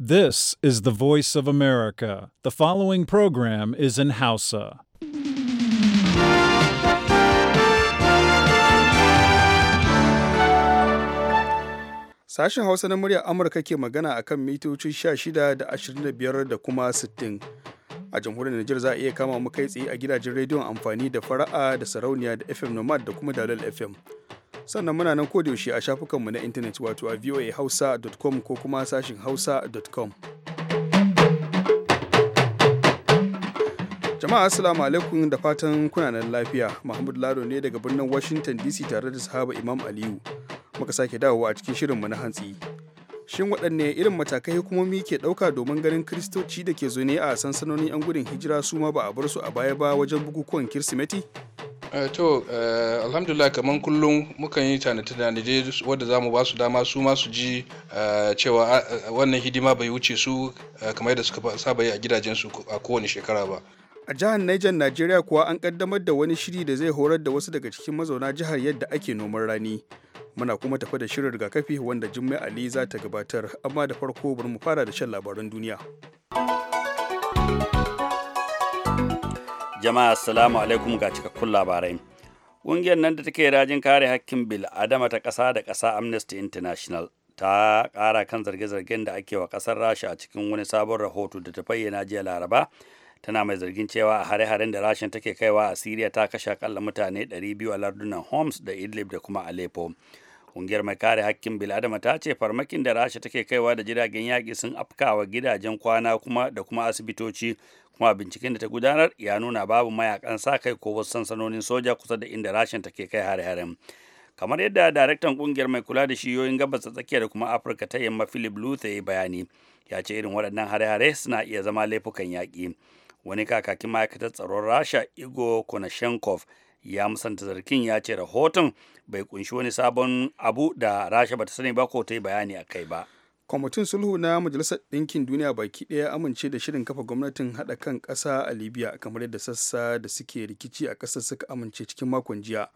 This is the voice of America. The following program is in Hausa. Sashen Hausa na muryar Amurka ke magana a kan mitoci 16 da 25 da kuma 60. A jamhuriyar Nijar za a iya kama mu kai tsaye a gidajen rediyon amfani da fara'a da sarauniya da FM Nomad da kuma Dalil FM. sannan muna nan ko yaushe a shafukanmu na intanet wato a voahausa.com ko kuma sashin hausa.com jama'a assalamu alaikum da fatan kuna nan lafiya mahmud lado ne daga birnin washington dc tare da sahaba imam aliyu muka sake dawowa a cikin shirin mu na hantsi shin waɗanne irin matakai hukumomi ke ɗauka domin ganin kiristoci da ke zaune a sansanonin 'yan gudun hijira su ma ba a bar su a baya ba wajen bukukuwan kirsimeti Eh, to eh, alhamdulillah kamar kullum mukan yi tanade-tanade wadda za mu ba su dama su ma su ji eh, cewa wannan hidima bai wuce su kamar yadda suka saba yi a gidajensu a kowane shekara ba a jihar Niger Najeriya kuwa an kaddamar da wani shiri da zai horar da wasu daga cikin mazauna jihar yadda ake noman rani muna kuma tafi da shirin rigakafi wanda Jummai Ali za ta gabatar amma da farko bari mu fara da shan labaran duniya. Jama'a assalamu alaikum ga cikakkun labarai. Ƙungiyar nan da take rajin kare hakkin bil adama ta ƙasa da ƙasa Amnesty International ta ƙara kan zarge-zargen da ake wa ƙasar Rasha a cikin wani sabon rahoto da ta fayyana jiya Laraba. Tana mai zargin cewa a hare-haren da Rasha take kaiwa a syria ta kashe akalla mutane 200 a lardunan Homs da Idlib da kuma Aleppo. Kungiyar mai kare hakkin bil'adama ta ce farmakin da Rasha take kaiwa da jiragen yaƙi sun afkawa gidajen kwana kuma da kuma asibitoci kuma binciken da ta gudanar ya nuna babu mayakan sa kai ko wasu sansanonin soja kusa da inda Rashin take kai hare-haren. Kamar yadda daraktan kungiyar mai kula da shiyoyin gabas ta tsakiya da kuma Afirka ta yamma Philip Luther ya bayani ya ce irin waɗannan hare-hare suna iya zama laifukan yaƙi. Wani kakakin ma'aikatar tsaron Rasha Igor Konashenkov ya musanta zargin ya ce rahoton bai kunshi wani sabon abu da rasha bata sani ba ko ta yi bayani a kai ba kwamitin sulhu na majalisar ɗinkin duniya baki ɗaya amince da shirin kafa gwamnatin haɗa kan ƙasa a libya kamar yadda sassa da suke rikici a ƙasar suka amince cikin makon jiya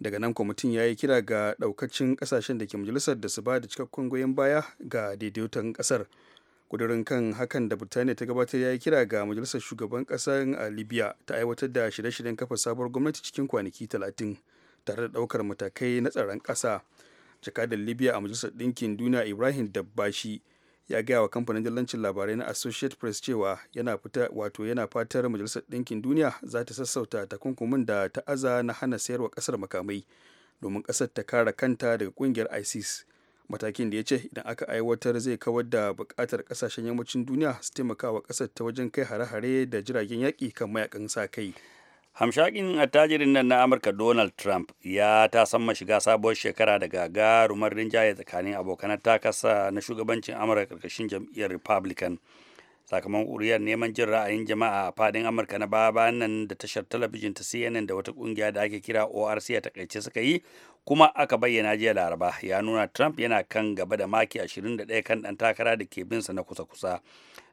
daga nan kwamitin ya yi kira ga ɗaukacin ƙasashen da ke majalisar da su ba da cikakken goyon baya ga daidaiton ƙasar kudurin kan hakan da birtaniya ta gabatar ya yi kira ga majalisar shugaban ƙasar a libya ta aiwatar da shirye-shiryen kafa sabuwar gwamnati cikin kwanaki talatin tare da ɗaukar matakai na tsaron ƙasa jakadar libya a majalisar ɗinkin duniya ibrahim dabbashi ya gaya wa kamfanin dillancin labarai na associate press cewa yana fita wato yana fatar majalisar ɗinkin duniya za ta sassauta takunkumin da ta aza na hana sayarwa ƙasar makamai domin ƙasar ta kare kanta daga ƙungiyar isis matakin da ya ce idan aka aiwatar zai kawar da buƙatar ƙasashen yammacin duniya su taimaka wa ƙasar ta wajen kai hare-hare da jiragen yaƙi kan mayakan sa kai hamshakin attajirin nan na amurka donald trump ya ta ma shiga sabuwar shekara da gagarumar rinjaye tsakanin abokanan takasa na shugabancin amurka ƙarƙashin jam'iyyar republican sakamakon ƙuriyar neman jin ra'ayin jama'a a fadin amurka na baya nan da tashar talabijin ta cnn da wata kungiya da ake kira orc a takaice suka yi kuma aka bayyana jiya laraba ya nuna trump yana kan gaba da maki 21 kan dan takara da ke binsa na kusa-kusa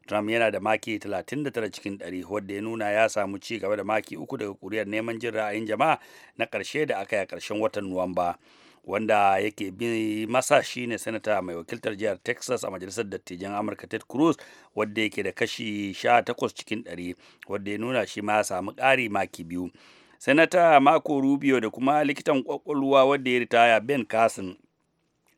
Trump yana da maki 39 cikin 100 wadda ya nuna ya samu ci gaba da maki uku daga kuriyar neman jin ra'ayin jama'a na karshe da aka yi a karshen watan Nuwamba. wanda yake bi masa ne sanata mai wakiltar jihar texas a majalisar dattijan amurka ted cruz wadda yake da kashi 18 cikin 100 wadda ya nuna shi ma samu ƙari maki biyu sanata mako rubio da kuma likitan kwakwalwa wadda ya ritaya ben carson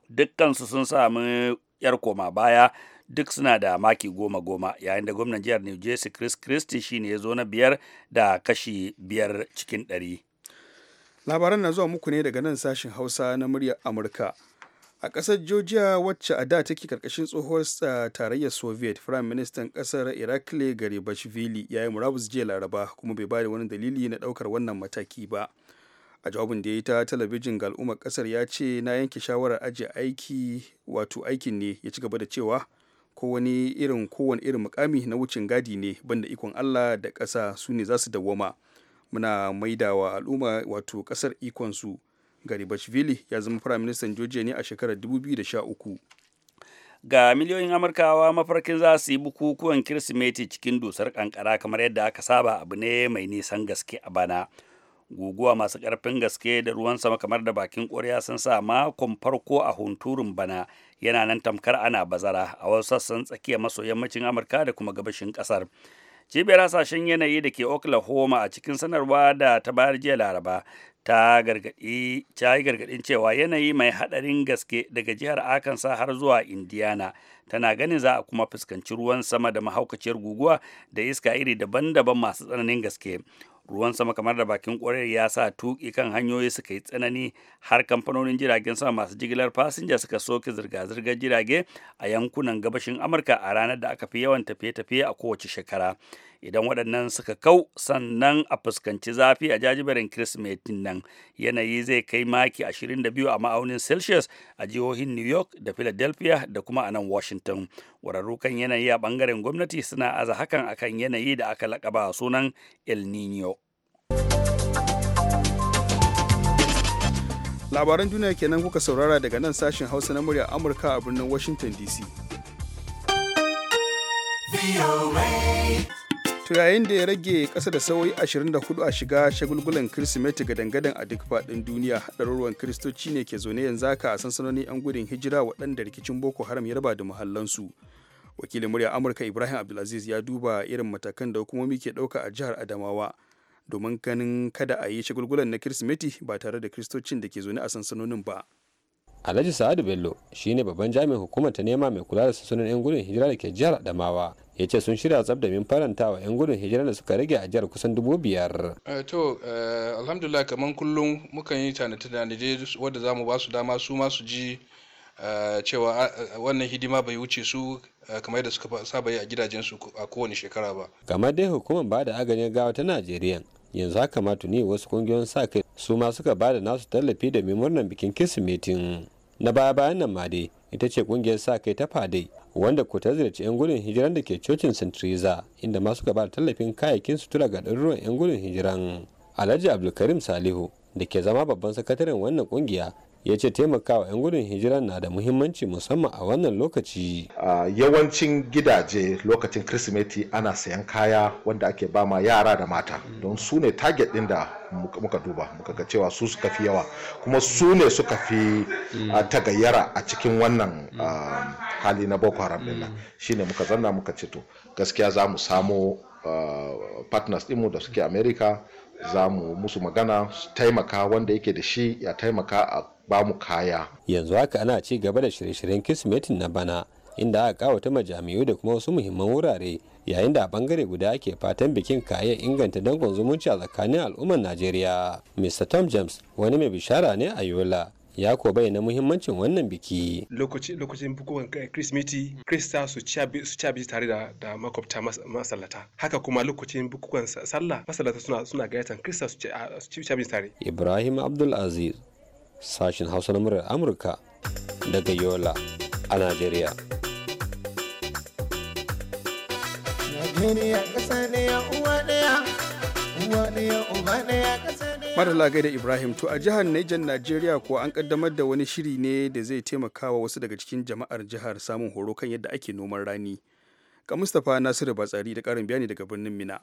dukkansu sun samu yar koma baya duk suna da maki goma goma yayin da gwamnan jihar new jersey chris christie shine ya zo na biyar da kashi biyar cikin ɗari labaran na zuwa muku ne daga nan sashen hausa na muryar amurka a ƙasar georgia wacce a da take karkashin tsohuwar tarayyar soviet prime ministan ƙasar irakle bashvili ya yi murabus jiya laraba kuma bai bada wani dalili na ɗaukar wannan mataki ba a jawabin da ya yi ta talabijin ga al'ummar ƙasar ya ce na yanke shawarar ajiye aiki wato aikin ne ya ci gaba da cewa kowane irin kowane irin mukami na wucin gadi ne banda ikon allah da ƙasa su ne za su dawwama muna maidawa al'umma wato kasar ikonsu bashvili ya zama firaministan georgia ne a shekarar 2013 ga miliyoyin amurkawa mafarkin za su yi bukukuwan kirsimeti cikin dusar kankara kamar yadda aka saba abu ne mai nisan gaske a bana guguwa masu karfin gaske da ruwan sama kamar da bakin koriya sun sa makon farko a hunturun bana yana nan tamkar ana bazara a wasu sassan tsakiyar maso yammacin amurka da kuma gabashin kasar. Cibiyar hasashen yanayi da ke Oklahoma a cikin sanarwa da ta bayar jiya Laraba ta gargaɗi ta yi gargaɗin cewa yanayi mai haɗarin gaske daga jihar Arkansas har zuwa Indiana tana ganin za a kuma fuskanci ruwan sama da mahaukaciyar guguwa da iska iri daban-daban masu tsananin gaske. ruwan sama kamar da bakin kwarar ya sa tuki kan hanyoyi suka yi tsanani har kamfanonin jiragen sama masu jigilar fasinja suka soke zirga-zirgar jirage a yankunan gabashin amurka a ranar da aka fi yawan tafiye-tafiye a kowace shekara idan waɗannan suka kau sannan a fuskanci zafi a jajiberin kirsimetin nan yanayi zai kai maki 22 a ma'aunin celsius a jihohin new york da philadelphia da kuma a nan washington wararrukan yanayi a bangaren gwamnati suna aza hakan akan yanayi da aka lakaba sunan el nino labaran duniya kenan kuka saurara daga nan sashen hausa na murya amurka a birnin washington dc to yayin da ya rage ƙasa da sauyi 24 a shiga shagulgulan kirsimeti gadangadan a duk faɗin duniya ɗaruruwan kiristoci ne ke zaune yanzu haka a sansanonin 'yan gudun hijira waɗanda rikicin boko haram ya raba da muhallansu wakilin murya amurka ibrahim abdulaziz ya duba irin matakan da hukumomi ke ɗauka a jihar adamawa domin ganin kada a yi shagulgulan na kirsimeti ba tare da kiristocin da ke zaune a sansanonin ba alhaji sa'adu bello shine babban jami'in hukumar ta nema mai kula da sunan yan gudun hijira da ke jihar adamawa ya ce sun shirya tsab domin faranta wa 'yan gudun hijira da suka rage a jihar kusan dubu biyar. Eh, to eh, alhamdulillah kamar kullum mukan yi tanade dai wadda za ba su dama su ma su ji eh, cewa wannan hidima bai wuce su kamar yadda suka saba yi a gidajensu a kowane shekara ba. kamar dai hukumar ba da agajin gawa ta najeriya yanzu haka ma tuni wasu kungiyoyin sa kai su ma suka ba da nasu tallafi domin murnar bikin kirsimetin. na baya bayan nan ma dai ita ce kungiyar sa kai ta fade wanda ko ta ziyarci 'yan gudun hijiran da ke cocin st inda masu gaba da tallafin kayayyakin sutura ga ɗaruruwan 'yan gudun hijiran alhaji abdulkarim salihu da ke zama babban sakataren wannan kungiya ya ce taimakawa 'yan gudun hijira na da muhimmanci musamman a wannan lokaci yawancin gidaje lokacin kirsimeti ana sayan kaya wanda ake ba ma yara da mata don su ne target din da muka duba muka ga cewa su suka fi yawa kuma su ne suka fi tagayyara a cikin wannan hali na boko haram din nan shine muka zanna muka ce to gaskiya za mu samo partners dinmu da suke Amerika, za mu musu magana taimaka wanda yake da shi ya taimaka a ba mu kaya yanzu haka ana ci gaba da shirye-shiryen kismetin na bana inda aka kawata majami'u da kuma wasu muhimman wurare yayin da a bangare guda ake fatan bikin kaya inganta dangon zumunci a tsakanin al'ummar najeriya mr tom james wani mai bishara ne a yola ya ko bayyana muhimmancin wannan biki lokacin lokacin bukukuwan kirsimeti krista su ci abinci tare da makwabta masallata haka kuma lokacin bukukuwan sallah masallata suna suna gayatan krista su ci abinci tare ibrahim abdul sashen hausa na murar amurka daga yola a najeriya lagai da ibrahim to a jihar nijan Nigeria kuwa an kaddamar da wani shiri ne da zai taimakawa wasu daga cikin jama'ar jihar samun horo kan yadda ake noman rani ga mustapha nasiru batsari da karin bayani daga birnin mina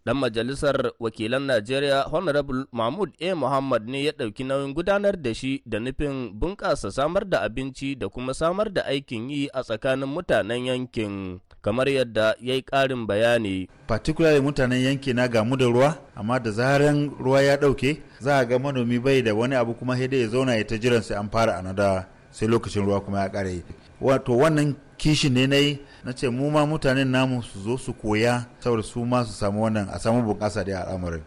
Dan majalisar wakilan Najeriya Honorable Mahmud A. Muhammad ne ya ɗauki nauyin gudanar da shi da nufin bunƙasa samar da abinci da kuma samar da aikin yi a tsakanin mutanen yankin. Kamar yadda ya yi ƙarin bayani. Particularly mutanen yanki na gamu da ruwa, amma da zaran ruwa ya ɗauke, za a ga manomi bai da wani abu kuma ya zauna ya ta jiran sai an fara anada sai lokacin ruwa kuma ya ƙare. Wato wannan kishi ne na yi na ce mu ma mutanen namu su zo su koya saboda su ma su samu wannan a samu bunƙasa da al'amarin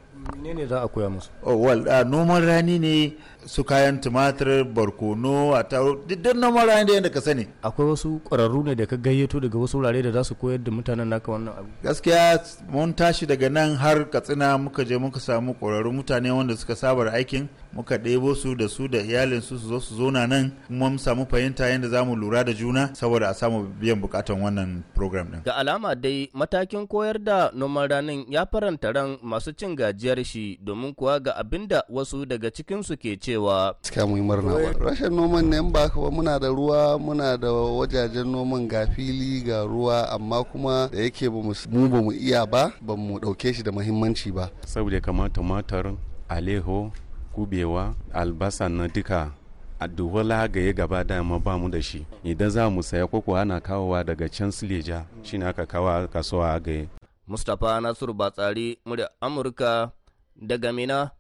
ne za a koya musu oh well uh, noman rani ne su kayan tumatir barkono a taro duk na mara da yadda ka sani akwai wasu ƙwararru ne da ka gayyato daga wasu wurare da za su koyar da mutanen naka wannan abu gaskiya mun tashi daga nan har katsina muka je muka samu ƙwararru mutane wanda suka sabar aikin muka ɗebo su da su da iyalin su su zo su zo nan kuma mu samu fahimta yadda za mu lura da juna saboda a samu biyan bukatan wannan program din ga alama dai matakin koyar da noman ranin ya faranta ran masu cin gajiyar shi domin kuwa ga abinda wasu daga cikinsu ke ce cewa gaskiya mu yi murna ba rashin noman ne ba haka muna da ruwa muna da wajajen noman ga fili ga ruwa amma kuma da yake mu ba mu iya ba ba mu dauke shi da muhimmanci ba saboda kamar tumatir aleho kubewa albasa na duka a duwala gaye gaba dama ba mu da shi idan za mu saya koko ana kawowa daga can sileja shine aka kawo kasuwa gaye mustapha nasiru batsari murya amurka daga mina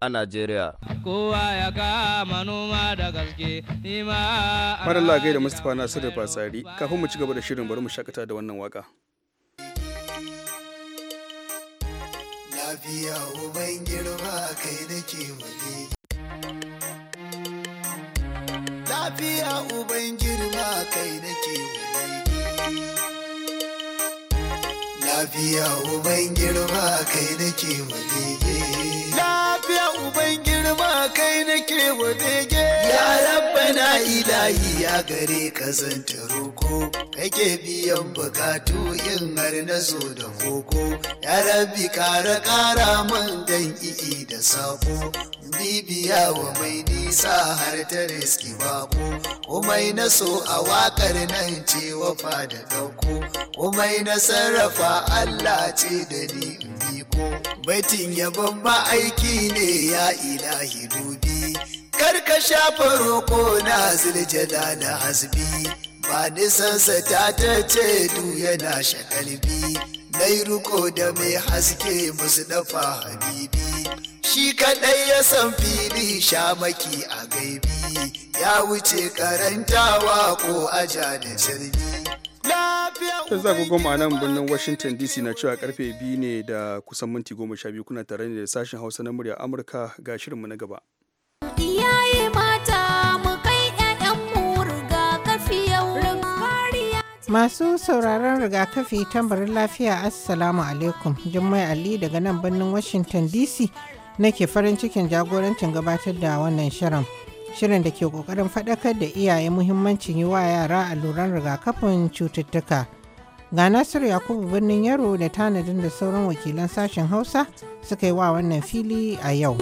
a Najeriya. Kowa ya kama noma da gaske, ma a lagai da Mustapha Nasiru Fasari, kafin mu ci gaba da shirin bari mu shakata da wannan waka. Lafiya uban girma kai nake mali. Lafiya uban girma kai nake mali. Lafiya uban girma kai nake mali. kai nake wadege ya rabbana ilahi ya gare ka zanta roko kake biyan bukatu yin har na zo da koko ya rabbi kara kara man dan i'i da sako bibiya wa mai nisa har ta reski bako na so a wakar nan ce wafa da dauko umai na sarrafa Allah ce da ni baitin yabon aiki ne ya ilahi dubi karka shafa roƙo na ziljada da hasbi ba nisansa ta ta ce du yana shakalbi dai ruko da mai haske musu dafa habibi shi kaɗai ya san fili shamaki a gaibi ya wuce karantawa ko aja da jirgi za goma a nan birnin washington dc na cewa karfe biyu ne da kusan minti goma sha biyu kuna tare da sashen hausa na murya amurka ga shirinmu na gaba masu sauraron rigakafi tambarin lafiya assalamu alaikum jummai ali daga nan birnin washington dc nake farin cikin jagorancin gabatar da wannan shirin shirin da ke kokarin faɗakar da iyaye muhimmancin yi wa yara alluran rigakafin cututtuka Ga Nasiru Yakubu birnin Yaro da tanadin da sauran wakilan sashen Hausa suka yi wa wannan fili a yau.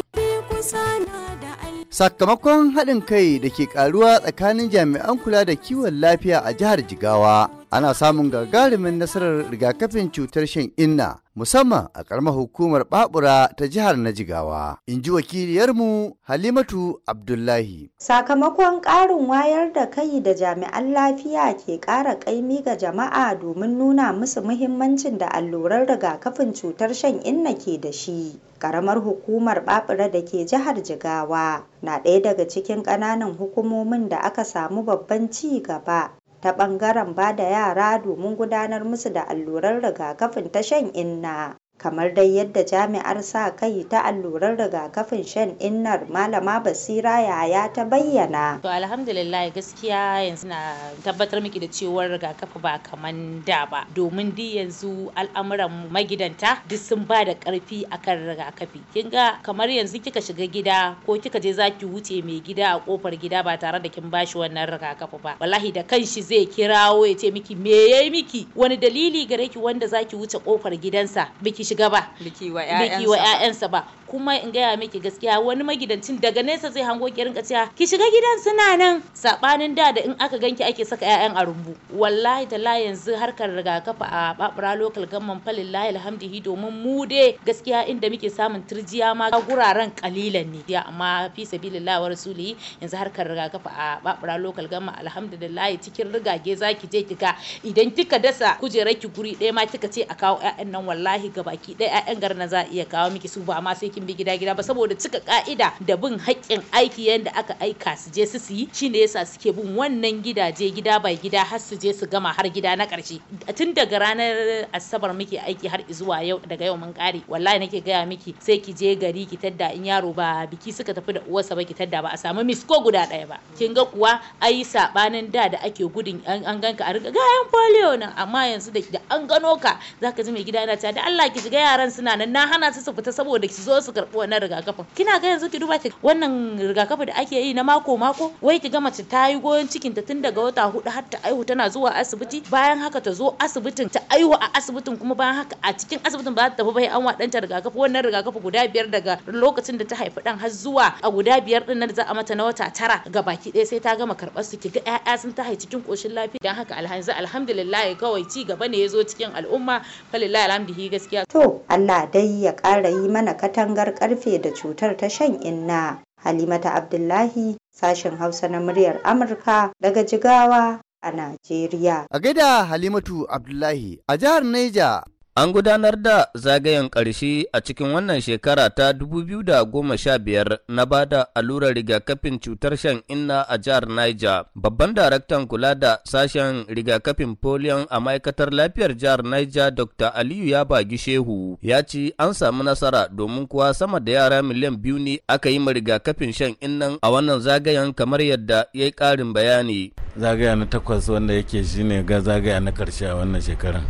Sakamakon haɗin kai da ke ƙaruwa tsakanin jami'an kula da kiwon lafiya a jihar Jigawa ana samun gagarumin nasarar rigakafin cutar shan inna musamman a ƙaramar hukumar babura ta jihar Najigawa, in ji wakiliyarmu Halimatu Abdullahi. Sakamakon ƙarin wayar da kai da jami'an lafiya ke ƙara ƙaimi ga jama'a domin nuna musu muhimmancin da allurar rigakafin cutar shan inna ke da shi. Ƙaramar hukumar babura da ke jihar Jigawa na ɗaya daga cikin ƙananan hukumomin da aka samu babban ci gaba ta ɓangaren ba da yara domin gudanar musu da allurar rigakafin ta shan inna. kamar dai yadda jami'ar sa-kai ta allurar rigakafin shan innar malama basira yaya ta bayyana to alhamdulillah gaskiya yanzu na tabbatar miki da cewar rigakafi ba kaman da ba domin di yanzu al'amuran magidanta duk sun ba da karfi akan rigakafi kin ga kamar yanzu kika shiga gida ko kika je zaki wuce mai gida a kofar gida ba tare da kin bashi wannan rigakafi ba wallahi da kanshi zai kirawo ya ce miki me yayi miki wani dalili gare ki wanda zaki wuce kofar gidansa biki shiga ba biki wa 'ya'yansa ba kuma in gaya miki gaskiya wani magidancin daga nesa zai hango ki rinka cewa ki shiga gidan suna nan sabanin da da in aka ganki ake saka ƴaƴan a rumbu wallahi talla yanzu harkar rigakafi a babura local gamman falillahi alhamdihi domin mu dai gaskiya inda muke samun turjiya ma guraren kalilan ne ya amma fi sabilillahi wa rasulihi yanzu harkar rigakafi a babura local government alhamdulillah cikin rigage zaki je kika idan kika dasa kujerar ki guri ɗaya ma kika ce a kawo ƴaƴan nan wallahi gabaki ɗaya ƴaƴan garna za a iya kawo miki su ba ma sai aikin bi gida gida ba saboda cika ka'ida da bin haƙƙin aiki yadda aka aika su je su yi shine yasa suke bin wannan gidaje gida bai gida har su je su gama har gida na ƙarshe tun daga ranar asabar muke aiki har zuwa yau daga yau mun ƙare wallahi nake gaya miki sai ki je gari ki tadda in yaro ba biki suka tafi da uwarsa ba ki tadda ba a samu miss ko guda ɗaya ba kin ga kuwa ai sabanin da da ake gudun an ganka a riga gayan polio nan amma yanzu da an gano ka zaka ji mai gida yana ta da Allah ki shiga yaran suna nan na hana su su fita saboda ki zo su karɓi wannan rigakafin kina ga yanzu ki duba ki wannan rigakafi da ake yi na mako mako wai ki ga mace ta yi goyon cikin ta tun daga wata hudu har ta aihu tana zuwa asibiti bayan haka ta zo asibitin ta aihu a asibitin kuma bayan haka a cikin asibitin ba za ta tafi ba an wa ɗanta rigakafi wannan rigakafi guda biyar daga lokacin da ta haifi ɗan har zuwa a guda biyar ɗin nan da za a mata na wata tara ga baki ɗaya sai ta gama karɓar su ki ga 'ya'ya sun ta cikin koshin lafiya dan haka alhanzu alhamdulillah kawai ci gaba ne ya zo cikin al'umma falillahi alhamdihi gaskiya to Allah dai ya ƙara yi mana katanga katangar karfe da cutar ta shan inna. Halimata Abdullahi sashen Hausa na muryar Amurka daga Jigawa a Najeriya. A gaida Halimatu Abdullahi a jihar Neja An gudanar da zagayen ƙarshe a cikin wannan shekara ta 2015 na ba da allurar rigakafin cutar shan inna a jihar Niger. Babban daraktan kula da sashen rigakafin polion a ma'aikatar lafiyar jihar Niger Dr. Aliyu ya bagi shehu, ya ci an samu nasara domin kuwa sama da yara miliyan biyu ne aka yi ma rigakafin shan innan a wannan zagayen kamar yadda ya yi ƙarin bayani. Zagaya na takwas wanda yake shine ga zagaya na ƙarshe a wannan shekarar.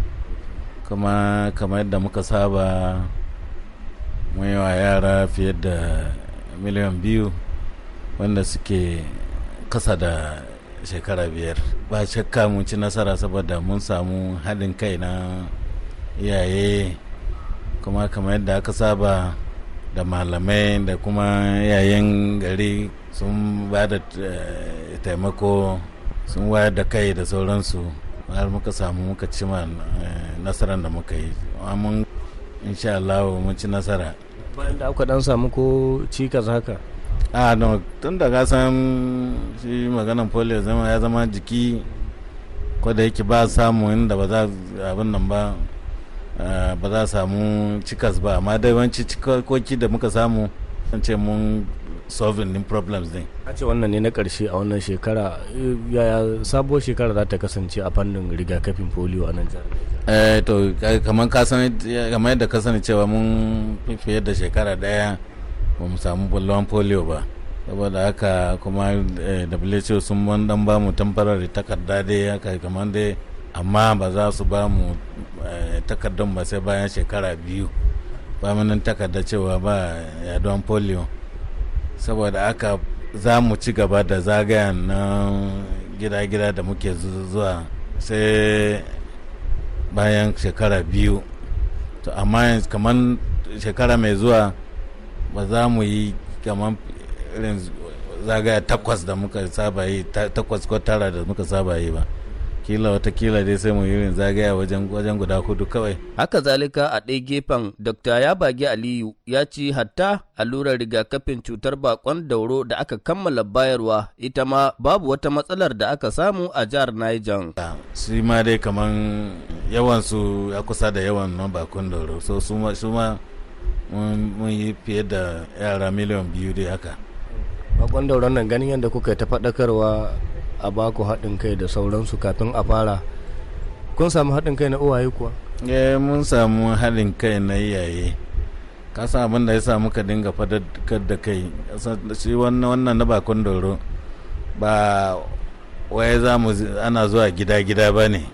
kuma kamar yadda muka saba mun yi wa yara fiye da miliyan biyu wanda suke kasa da shekara biyar ba shakka mun ci nasara saboda mun samu haɗin kai na iyaye kuma kamar yadda aka saba da malamai da kuma yayin gari sun ba da eh, taimako sun wayar da kai da sauransu har muka samu muka ci eh, nasarar da muka yi amma insha Allah mun ci nasara bayan da aka dan samu ko cikas haka a no tun da ka san shi maganan polio zama ya zama jiki ko da yake ba samu inda ba za abin nan ba ba za samu cikas ba amma dai wancan cikakoki da muka samu ce mun solving din problems din a ce wannan ne na karshe a wannan shekara yaya sabuwar shekara za ta kasance a fannin rigakafin polio a nan jihar eh to kamar ka kamar yadda ka cewa mun fiye da shekara daya ba mu samu bullon polio ba saboda haka kuma eh, WHO sun ban dan ba mu tamfarari takarda dai haka kamar dai amma ba za su ba mu eh, takardun ba sai bayan shekara biyu ba takarda cewa ba yaduwan polio saboda aka za mu ci gaba da zagaya na gida-gida da muke zuwa sai bayan shekara biyu to amma kamar shekara mai zuwa ba za mu yi kamar irin zagaya takwas da muka saba yi takwas ko tara da muka saba yi ba kila watakila dai sai mu yi zagaya wajen wajen guda hudu kawai haka zalika a ɗaya gefen dr yabagi aliyu ya ci hatta allurar rigakafin cutar bakon dauro da aka kammala bayarwa ita ma babu wata matsalar da aka samu a jihar niger shi ma dai kaman yawan su ya kusa da yawan nan bakon dauro so su ma mun yi fiye da yara miliyan biyu dai haka bakon dauron nan ganin yadda kuka ta faɗakarwa a baku haɗin kai da sauransu kafin a fara kun samu haɗin kai na uwaye kuwa eh mun samu haɗin kai na iyaye ka abin da ya samu ka dinga fadar da kai shi wannan na bakon doro ba waye za mu ana zuwa gida-gida ba ne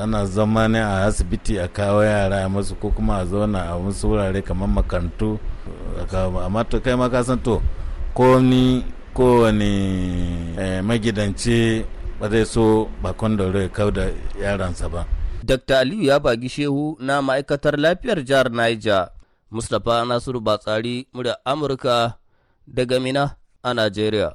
ana zama ne a asibiti a kawo yara a masu ko kuma a zauna a wasu wurare kamar makarantu amma to kai ma ka san ko ni kowane eh, magidanci ba zai so bakon da ya kau da yaransa ba. Dr. Aliyu ya bagi shehu na ma'aikatar lafiyar jihar Niger, Mustapha Nasiru Batsari, murya Amurka daga Mina a Najeriya.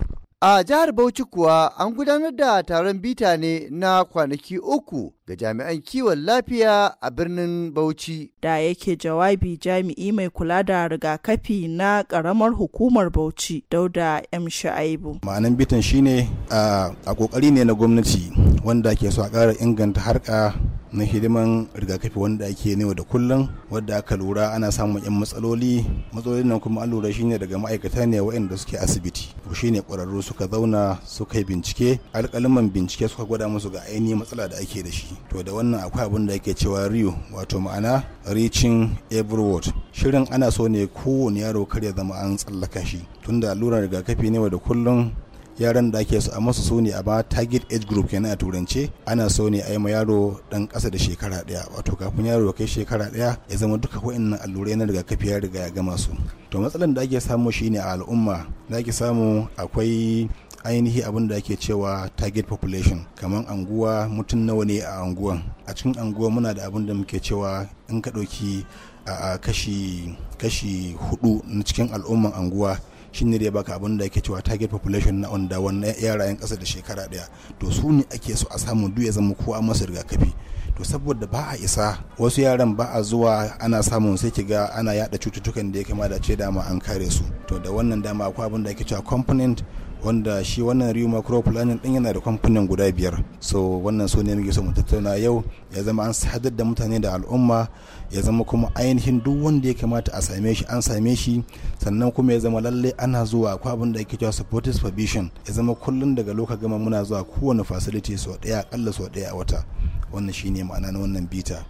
A jihar Bauchi kuwa an gudanar da taron bita ne na kwanaki uku ga jami'an kiwon lafiya a birnin Bauchi. Da yake jawabi jami'i mai kula da rigakafi na karamar hukumar Bauchi Dauda M. Sha'aibu. ma'anin bitan shine a kokari ne na gwamnati wanda ke so a ƙara inganta harka na hidiman rigakafi wanda ake newa da kullum wadda aka lura ana samun yan matsaloli matsalolin nan kuma an lura shine daga ma'aikata ne waɗanda suke asibiti shi shine ƙwararru suka zauna suka yi bincike alƙaliman bincike suka gwada musu ga ainihin matsala da ake da shi to da wannan akwai abin da ake cewa riyo wato ma'ana reaching every word shirin ana so ne kowane yaro kar ya zama an tsallaka shi tunda lura rigakafi ne da kullum yaran da ake so a masu so ne a ba target age group kenan a turance ana so ne a yi ma yaro dan kasa da shekara daya wato kafin yaro kai shekara daya ya zama duka wa'annan allurai na rigakafi ya riga ya gama su to matsalan da ake samu shine a al'umma da ake samu akwai ainihi abin da ake cewa target population kamar anguwa mutum nawa ne a anguwan a cikin anguwa muna da abin da muke cewa in ka ɗauki a kashi kashi hudu na cikin al'umman anguwa shine ne ya baka abin da yake cewa target population na wanda wannan yarayen kasa da shekara daya to su ne ake so a samu duk ya zama kowa masu rigakafi to saboda ba a isa wasu yaran ba a zuwa ana samun sai kiga ana yada cututtukan da ya kama da ce dama an kare su to da wannan dama akwai abin da ake cewa component wanda shi wannan Rio Macro Planning din yana da kamfanin guda biyar so wannan so ne muke so mu tattauna yau ya zama an sadar da mutane da al'umma ya zama kuma ainihin duk wanda ya kamata a same shi an same shi sannan kuma ya zama lalle ana zuwa ko abin da ake cewa supportive provision ya zama kullum daga lokacin gama muna zuwa kowane facility so daya akalla so daya a wata wannan shine ma'ana na wannan bita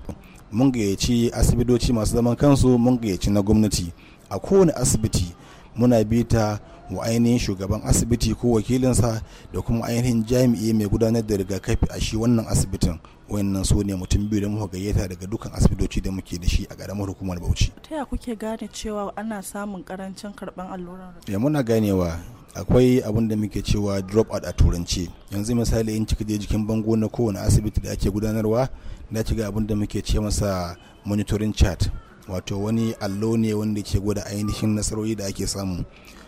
mun gayyaci asibitoci masu zaman kansu mun gayyaci na gwamnati a kowane asibiti muna bita mu ainihin shugaban asibiti ko wakilinsa da kuma ainihin jami'i mai gudanar da rigakafi a shi wannan asibitin wayannan su ne mutum biyu da muka gayyata daga dukkan asibitoci da muke da shi a ƙaramar hukumar bauchi ta ya kuke gane cewa ana samun karancin karban alluran ya muna ganewa akwai abin da muke cewa drop out a turanci yanzu misali in cika je jikin bango na kowane asibiti da ake gudanarwa da ga abin da muke ce masa monitoring chart wato wani allo ne wanda ke gwada ainihin nasarori da ake samu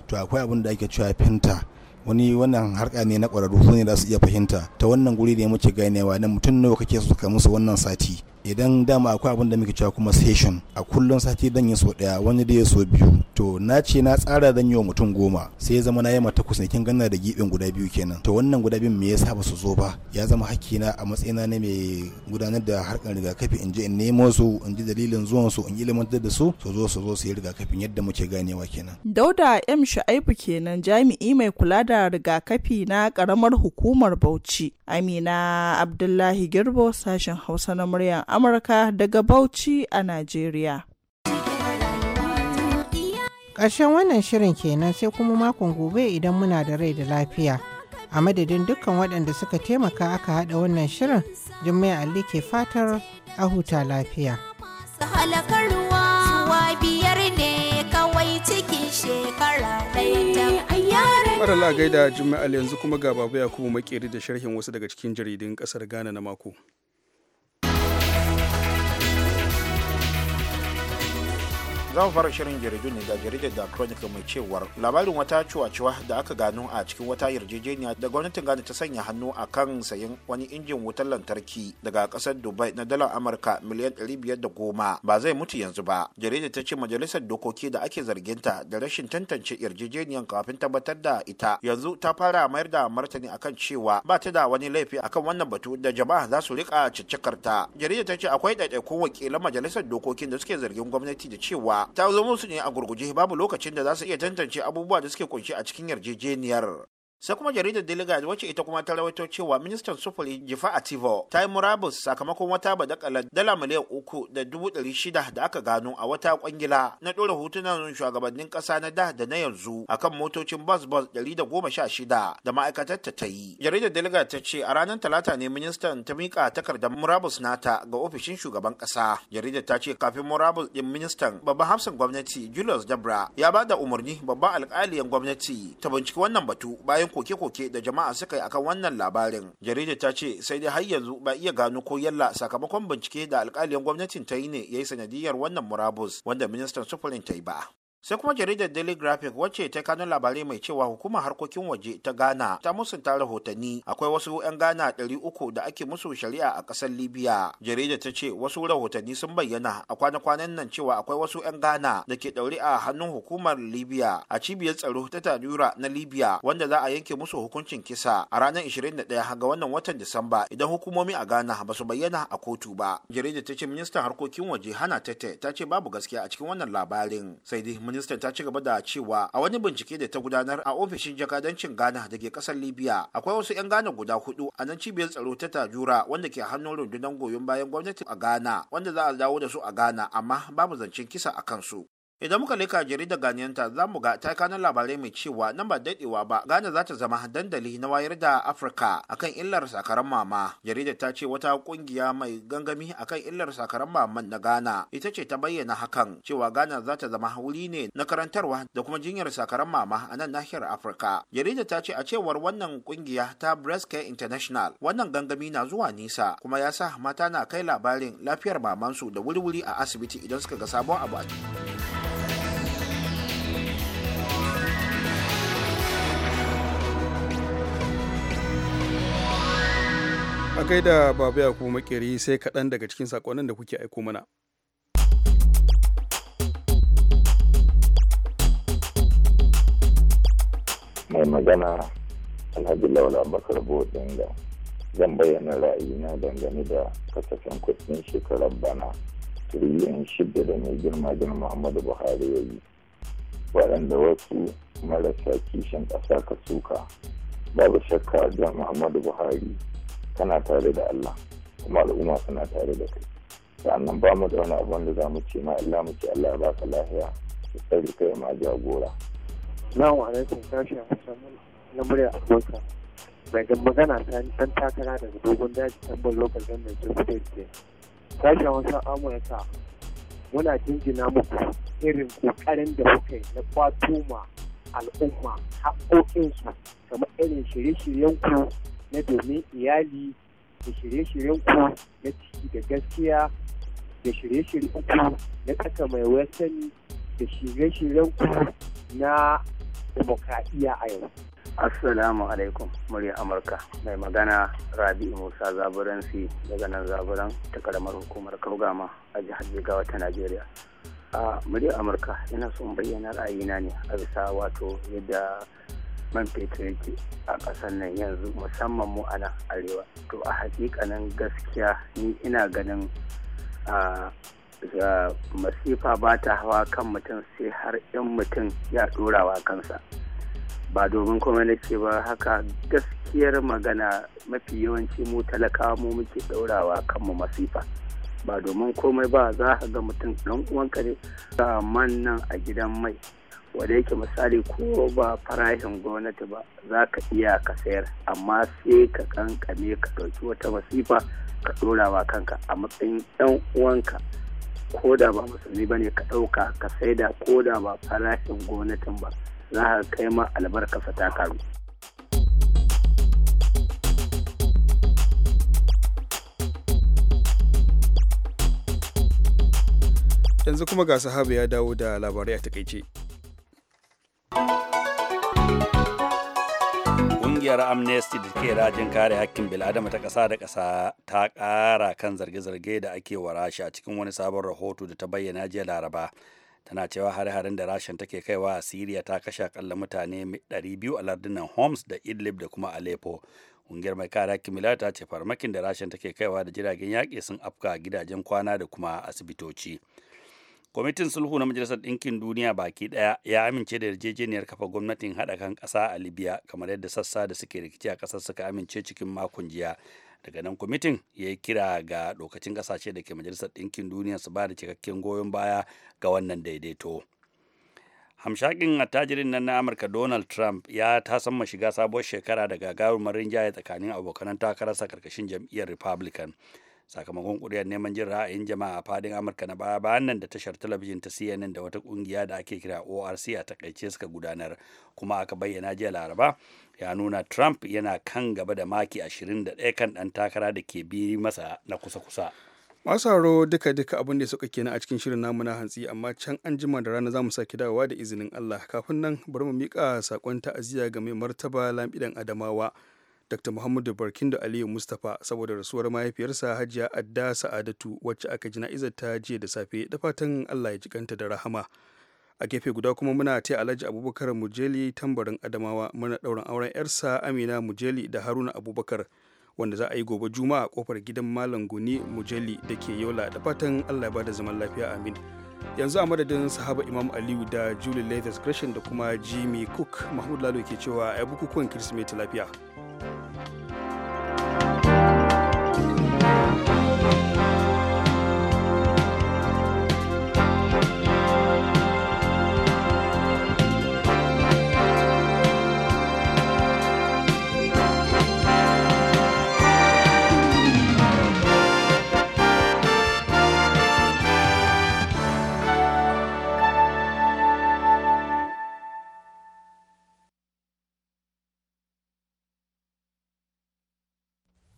to akwai abin da ake cewa fenta wani wannan harka ne na ƙwararru su ne za su iya fahimta ta wannan guri ne muke ganewa na mutum nawa kake so ka musu wannan sati idan dama akwai abin da muke cewa kuma session a kullum sati dan yi so daya wani da ya so biyu to na ce na tsara dan yi wa mutum goma sai ya zama na yi mata kusa kin ganna da gibin guda biyu kenan to wannan guda biyun me yasa ba su zo ba ya zama hakki na a matsayina na mai gudanar da harkar rigakafi in je in nemo su in ji dalilin zuwan su in ilimantar da su su zo su zo su yi rigakafin yadda muke ganewa kenan dauda m shu'aibu kenan jami'i mai kula da rigakafi na karamar hukumar bauchi amina abdullahi girbo sashen hausa na murya. Amurka daga Bauchi a Najeriya. Ƙarshen wannan shirin kenan sai kuma makon gobe idan muna da rai da lafiya. A madadin dukkan waɗanda suka taimaka aka haɗa wannan shirin, Jummai Ali ke fatar a huta lafiya. Marala eh, gaida Jummai Ali yanzu kuma ga babu Yakubu makeri da sharhin wasu daga cikin jaridun ƙasar Ghana na mako. za mu fara shirin jaridu ne ga jaridar da chronicle mai cewar labarin wata cuwa cuwa da aka gano a cikin wata yarjejeniya da gwamnatin ghana ta sanya hannu a kan sayen wani injin wutar lantarki daga kasar dubai na dalar amurka miliyan 510 ba zai mutu yanzu ba jaridar ta ce majalisar dokoki da ake zarginta da rashin tantance yarjejeniyan kafin tabbatar da ita yanzu ta fara mayar da martani akan cewa ba ta da wani laifi akan wannan batu da jama'a za su rika ciccikarta jaridar ta ce akwai ɗaiɗaikun wakilan majalisar dokokin da suke zargin gwamnati da cewa ta zo musu ne a gurguje babu lokacin da za su iya tantance abubuwa da suke kunshi a cikin yarjejeniyar sai kuma jaridar delegate wacce ita kuma ta rawaito cewa ministan sufuri jifa ativo ta yi murabus sakamakon wata badakala dala miliyan uku da dubu ɗari shida da aka gano a wata kwangila na ɗora hotunan shugabannin ƙasa na da da na yanzu akan motocin bus bus ɗari da goma sha shida da ma'aikatar ta ta yi jaridar delegate ta ce a ranar talata ne ministan ta miƙa takardar murabus nata ga ofishin shugaban ƙasa jaridar ta ce kafin murabus ɗin ministan babban hafsan gwamnati julius dabra ya ba da umarni babban alƙaliyan gwamnati ta binciki wannan batu bayan bayan koke-koke da jama'a suka yi akan wannan labarin jaridar ta ce sai dai har yanzu ba iya gano ko yalla sakamakon bincike da alkalin gwamnatin ta yi ne ya yi sanadiyar wannan murabus wanda ministan sufurin ta yi ba sai kuma jaridar daily graphic wacce ta kano labarai mai cewa hukumar harkokin waje ta ghana ta musunta rahotanni akwai wasu 'yan ghana uku da ake musu shari'a a ƙasar libya jaridar ta ce wasu rahotanni sun bayyana a kwana-kwanan nan cewa akwai wasu 'yan ghana da ke ɗauri a hannun hukumar libya a cibiyar tsaro ta tadura na libya wanda za a yanke musu hukuncin kisa a ranar 21 ga wannan watan disamba idan hukumomi a ghana ba su bayyana a kotu ba jaridar ta ce ministan harkokin waje hana tete ta ce babu gaskiya a cikin wannan labarin sai dai minista ta ci gaba da cewa a wani bincike da ta gudanar a ofishin jakadancin ghana da ke kasar libya akwai wasu 'yan ghana guda hudu a nan cibiyar tsaro ta tajura wanda ke hannun rundunar goyon bayan gwamnati a ghana wanda za a dawo da su a ghana amma babu zancen kisa a kansu Idan muka leka jaridar ganiyanta za mu ga ta kanan labarai mai cewa nan ba daɗewa ba Ghana za ta zama dandali na wayar da Afirka akan illar sakaran mama. Jaridar ta ce wata kungiya mai gangami akan illar sakaran maman na Ghana ita ce ta bayyana hakan cewa Ghana za ta zama wuri ne na karantarwa da kuma jinyar sakaran mama a nan nahiyar Afirka. Jaridar ta ce a cewar wannan kungiya ta Breast Care International wannan gangami na zuwa nisa kuma ya sa mata na kai labarin lafiyar mamansu da wuri-wuri a asibiti idan suka ga sabon abu a cikin kai da babu ya kuma makeri sai kaɗan daga cikin sakonnin da kuke aiko mana. Mai magana Alhaji Laula Bakar da zan bayyana ra'ayina dangane da kasafin kudin shekarar bana tiriliyan shida da mai girma jin Muhammadu Buhari ya yi. Waɗanda wasu marasa kishin ƙasa ka suka babu shakka jan Muhammadu Buhari kana tare da Allah kuma al'umma suna tare da kai Sannan ba mu da wani abu wanda za mu ce ma Allah mu ce Allah ya baka lafiya ka tsari kai ma jagora Assalamu alaikum a musamman na murya Amurka mai magana ta dan takara daga dogon daji tambar lokal gwamnati ta state ke sashen wasan Amurka muna jinjina muku irin kokarin da kuka yi na kwato ma al'umma haƙoƙinsu kamar irin shirye shiryen ku. na domin iyali da shirye-shiryen ku na ciki da gaskiya da shirye-shiryen ku na ƙasa mai wasan da shirye-shiryen ku na demokradiyya a yau. Assalamu alaikum murya Amurka mai magana Rabi'u Musa Zaburansi daga nan Zaburan ta karamar hukumar Kaugama a jihar Jigawa ta Najeriya. A murya Amurka yana son bayyana ra'ayina ne a bisa wato yadda man fetur yake a ƙasar nan yanzu musamman mu a arewa to a hakikanin gaskiya ni ina ganin masifa ba ta hawa kan mutum sai har 'yan mutum ya ɗorawa kansa ba domin kuma ce ba haka gaskiyar magana mafi yawanci mu talakawa mu muke kan kanmu masifa ba domin komai ba za ka ga mutum ɗan uwanka ne man nan a gidan mai wadda yake misali ko ba farashin gwamnati ba za ka iya ka sayar amma sai ka kankane ka ɗauki wata masifa ka ɗora wa kanka a matsayin 'yan uwanka ko da ba musulmi ba ne ka ɗauka ka sai da ko da ba farashin gwamnatin ba za ka kai ma albarkasa ta karu. yanzu kuma ga sahabu ya dawo da labarai a takaice. kungiyar amnesty da ke rajin kare hakkin bil'adama ta ƙasa da ƙasa ta ƙara kan zarge-zarge da ake wa rasha a cikin wani sabon rahoto da ta bayyana jiya laraba tana cewa hare-haren da rashin take kaiwa a syria ta kashe akalla mutane 200 a lardunan homs da idlib da kuma aleppo ƙungiyar mai kare hakkin bil'adama ta ce farmakin da rashin take kaiwa da jiragen yaƙi sun afka gidajen kwana da kuma asibitoci. kwamitin sulhu na majalisar ɗinkin duniya baki ɗaya ya amince da yarjejeniyar kafa gwamnatin haɗa kan ƙasa a libya kamar yadda sassa da suke rikici a ƙasar suka amince cikin makon jiya daga nan kwamitin ya yi kira ga lokacin ƙasashe da ke majalisar ɗinkin duniya su ba da cikakken goyon baya ga wannan daidaito hamshakin attajirin nan na amurka donald trump ya ma shiga sabuwar shekara da gagarumar rinjaye tsakanin abokanan takararsa karkashin jam'iyyar republican sakamakon kuri'ar neman jin ra'ayin jama'a a fadin amurka na baya bayan nan da tashar talabijin ta cnn da wata kungiya da ake kira orc a takaice suka gudanar kuma aka bayyana jiya laraba ya nuna trump yana kan gaba da maki 21 kan ɗan takara da ke biri masa na kusa-kusa masu duka duka abin da suka kenan a cikin shirin namu na hantsi amma can an jima da rana za mu sake dawowa da izinin allah kafin nan bari mu miƙa sakon ta'aziyya ga mai martaba lamidan adamawa dr muhammadu barkindo aliyu mustapha saboda rasuwar mahaifiyarsa hajiya adda sa'adatu wacce aka jana'izar ta jiya da safe da fatan allah ya jikanta da rahama a gefe guda kuma muna taya alhaji abubakar mujeli tambarin adamawa muna ɗaurin auren yarsa amina mujeli da haruna abubakar wanda za a yi gobe juma'a kofar gidan malam guni mujeli da ke yola da fatan allah ya bada zaman lafiya amin yanzu a madadin sahaba imam aliyu da julie leathers gresham da kuma jimmy cook mahmud lalo ke cewa a bukukuwan kirsimeti lafiya